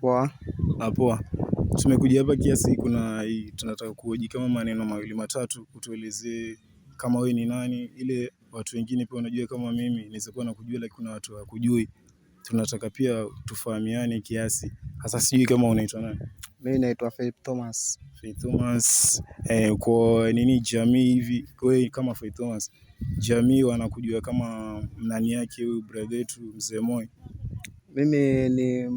Poa. Ah, poa. Tumekuja hapa kiasi kuna tunataka kuhoji kama maneno mawili matatu, utuelezee kama wewe ni nani, ile watu wengine pia wanajua kama mimi niweza kuwa nakujua, lakini kuna watu hawakujui. Tunataka pia tufahamiane kiasi, hasa sijui kama unaitwa nani. Mimi naitwa Faith Thomas. Faith Thomas, eh, kwa nini jamii hivi wewe kama Faith Thomas jamii wanakujua kama nani yake huyu brother wetu Mzee Moi? Mimi ni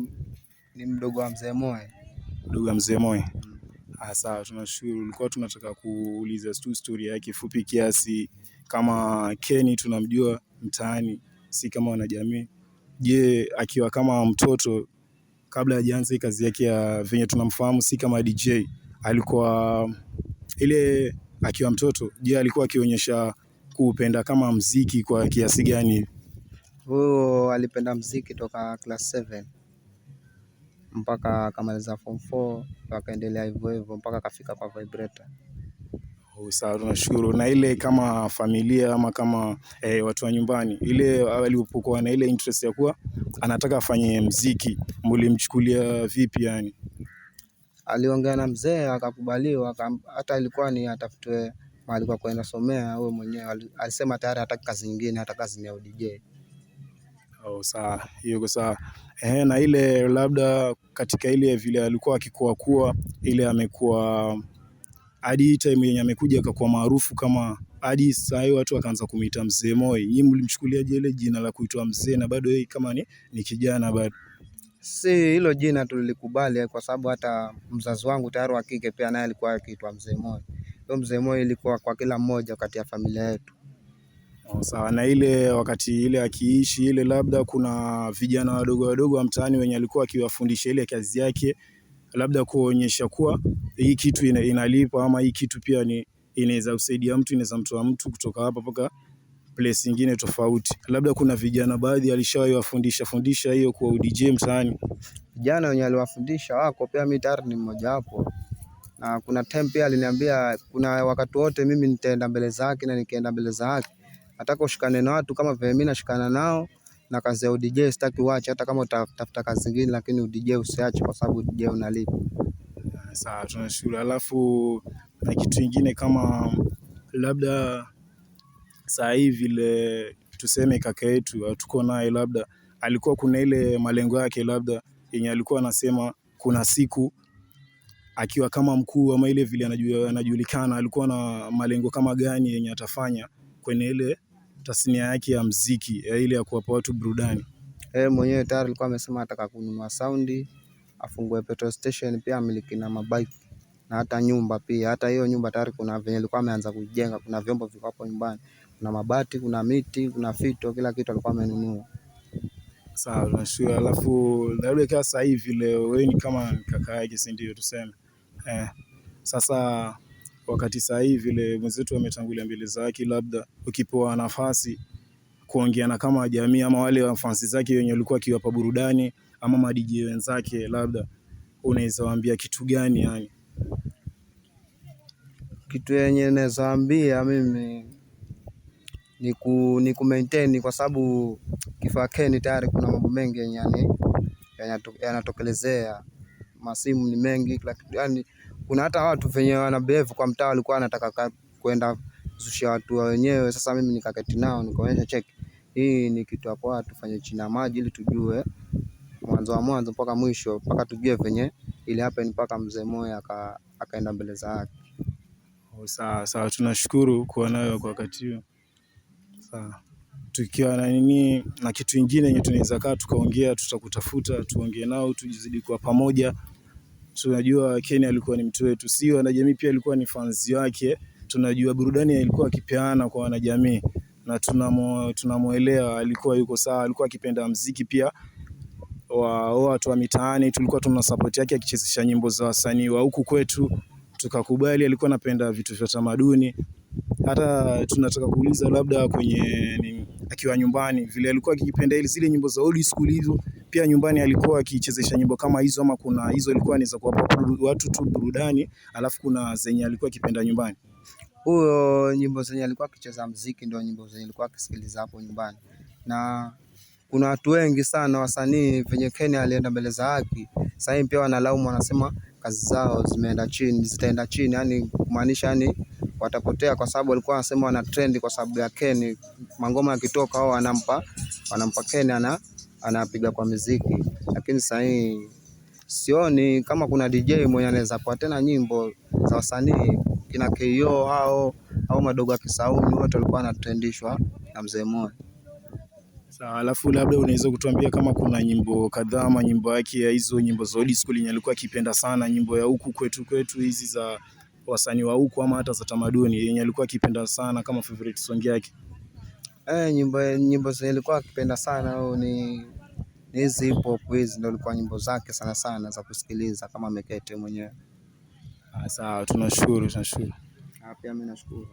ni mdogo wa mzee Moe. Mdogo wa mzee Moe. Ah, sawa, tunashukuru. Ulikuwa tunataka kuuliza tu story yake fupi kiasi, kama Keni tunamjua mtaani, si kama wanajamii. Je, akiwa kama mtoto kabla hajaanza kazi yake ya venye tunamfahamu, si kama DJ, alikuwa ile akiwa mtoto, je, alikuwa akionyesha kupenda kama mziki kwa kiasi gani? Huyo oh, alipenda mziki toka class 7 mpaka akamaliza form 4 akaendelea hivyo hivyo mpaka akafika kwa vibrator. Oh, sawa, tunashukuru. Na ile kama familia ama kama eh, watu wa nyumbani, ile alipokuwa na ile interest ya kuwa anataka afanye mziki, mlimchukulia vipi? Yani aliongea na mzee akakubaliwa, hata ilikuwa ni atafutwe mahali kwa kwenda somea. Wewe mwenyewe alisema tayari hataki kazi nyingine, hata kazi ya DJ. Oh, saa hiyo kwa saa ehe, na ile labda katika ile vile alikuwa akikuwa kuwa ile amekuwa hadi time yenye amekuja akakuwa maarufu kama hadi saa hiyo watu wakaanza kumuita mzee Moi. Yeye mlimchukuliaje ile jina la kuitwa mzee na bado yeye kama ni, ni kijana bado? Si hilo jina tulilikubali kwa sababu hata mzazi wangu tayari wa kike pia naye alikuwa akiitwa mzee Moi. mzee Moi ilikuwa kwa kila mmoja kati ya familia yetu. Oh, sawa na ile wakati ile akiishi ile labda kuna vijana wadogo wadogo wa mtaani wenye alikuwa akiwafundisha ile kazi yake labda kuonyesha kuwa hii kitu ina, inalipa ama hii kitu pia ni inaweza kusaidia mtu, inaweza mtoa mtu kutoka hapa mpaka place nyingine tofauti. Labda kuna vijana baadhi alishawahi wafundisha fundisha hiyo kwa DJ mtaani. Vijana wenye aliwafundisha wako pia mimi tayari ni mmoja wapo. Na kuna time pia aliniambia kuna wakati wote mimi nitaenda mbele zake na nikaenda mbele zake Nataka ushikane na watu kama vile mimi nashikana nao na kazi ya DJ sitaki uache, hata kama utatafuta kazi nyingine, lakini DJ usiache, kwa sababu DJ unalipa. Sawa, tunashukuru. Alafu na kitu kingine kama labda saa hii vile tuseme kaka yetu hatuko naye, labda alikuwa kuna ile malengo yake labda yenye alikuwa anasema kuna siku akiwa kama mkuu ama ile vile anajulikana, alikuwa na malengo kama gani yenye atafanya kwenye ile tasnia yake ya mziki ya ile ya kuwapa watu burudani. Yeye mwenyewe tayari alikuwa amesema ataka kununua saundi, afungue petrol station pia amiliki na mabike na hata nyumba pia. Hata hiyo nyumba tayari kuna venye alikuwa ameanza kujenga, kuna vyombo viko hapo nyumbani, kuna mabati, kuna miti, kuna fito, kila kitu alikuwa amenunua. Sawa, nashukuru. Alafu labda ikawa sasa hivi leo wewe ni kama kaka yake, si ndio? Tuseme eh, sasa wakati saa hii vile mwenzetu ametangulia mbele zake, labda ukipewa nafasi kuongea na kama jamii ama wale wafansi zake wenye walikuwa akiwapa burudani ama madiji wenzake, labda unaweza waambia kitu gani? Yani kitu yenye naweza ambia mimi ni ku ni ku maintain kwa sababu kifaa keni tayari kuna mambo mengi yani yanatokelezea, masimu ni mengi, yani kuna hata watu venye wana behave kwa mtaa walikuwa wanataka kwenda zushia watu wenyewe. Sasa mimi nikaketi nao nikaonyesha, check hii ni kitu ya kwa tufanye chini ya maji ili tujue mwanzo wa mwanzo mpaka mwisho mpaka tujue venye ili happen mpaka mzee Moya akaenda mbele zake. Sawa sawa, tunashukuru kuwa nayo kwa wakati huo. Sawa, tukiwa na nini na kitu kingine yenye tunaweza kaa tukaongea, tutakutafuta tuongee nao tujizidi kuwa pamoja tunajua Ken alikuwa ni mtu wetu, si wanajamii pia alikuwa ni fans wake. Tunajua burudani alikuwa akipeana kwa wanajamii na tunamwelewa, alikuwa yuko sawa, alikuwa akipenda mziki pia wa watu wa mitaani. Tulikuwa tuna support yake akichezesha nyimbo za wasanii wa huku kwetu, tukakubali. Alikuwa anapenda vitu vya tamaduni, hata tunataka kuuliza labda kwenye akiwa nyumbani vile alikuwa akipenda ile zile nyimbo za old school hizo. Pia nyumbani alikuwa akichezesha nyimbo kama hizo, ama kuna hizo alikuwa anaweza kuwapa watu tu burudani, alafu kuna zenye alikuwa akipenda nyumbani. Huyo nyimbo zenye alikuwa akicheza mziki ndio nyimbo zenye alikuwa akisikiliza hapo nyumbani, na kuna watu wengi sana wasanii venye Kenya alienda mbele za haki, sasa hivi pia wanalaumu, wanasema kazi zao zimeenda chini, zitaenda chini, yani kumaanisha yani watapotea kwa sababu walikuwa wanasema wana trend kwa sababu ya Ken. Mangoma yakitoka wao wanampa wanampa Ken ana anapiga kwa muziki, lakini sasa hii sioni kama kuna DJ mwenye anaweza kwa tena nyimbo za wasanii kina KO hao au madogo ya Kisauni, wote walikuwa wanatrendishwa na mzee mmoja. Sawa, alafu labda unaweza kutuambia kama kuna nyimbo kadhaa ama nyimbo yake ya hizo nyimbo za old school alikuwa akipenda sana, nyimbo ya huku kwetu kwetu hizi za wasanii wa huku ama hata za tamaduni yenye alikuwa akipenda sana kama favorite song yake? Eh, nyimbo nyimbo zenye alikuwa akipenda sana au oh, ni hizi hip hop hizi ndio alikuwa nyimbo zake sana sana za kusikiliza kama ameketi mwenyewe. Ah, sawa tunashukuru tunashukuru. Ah, pia mimi nashukuru.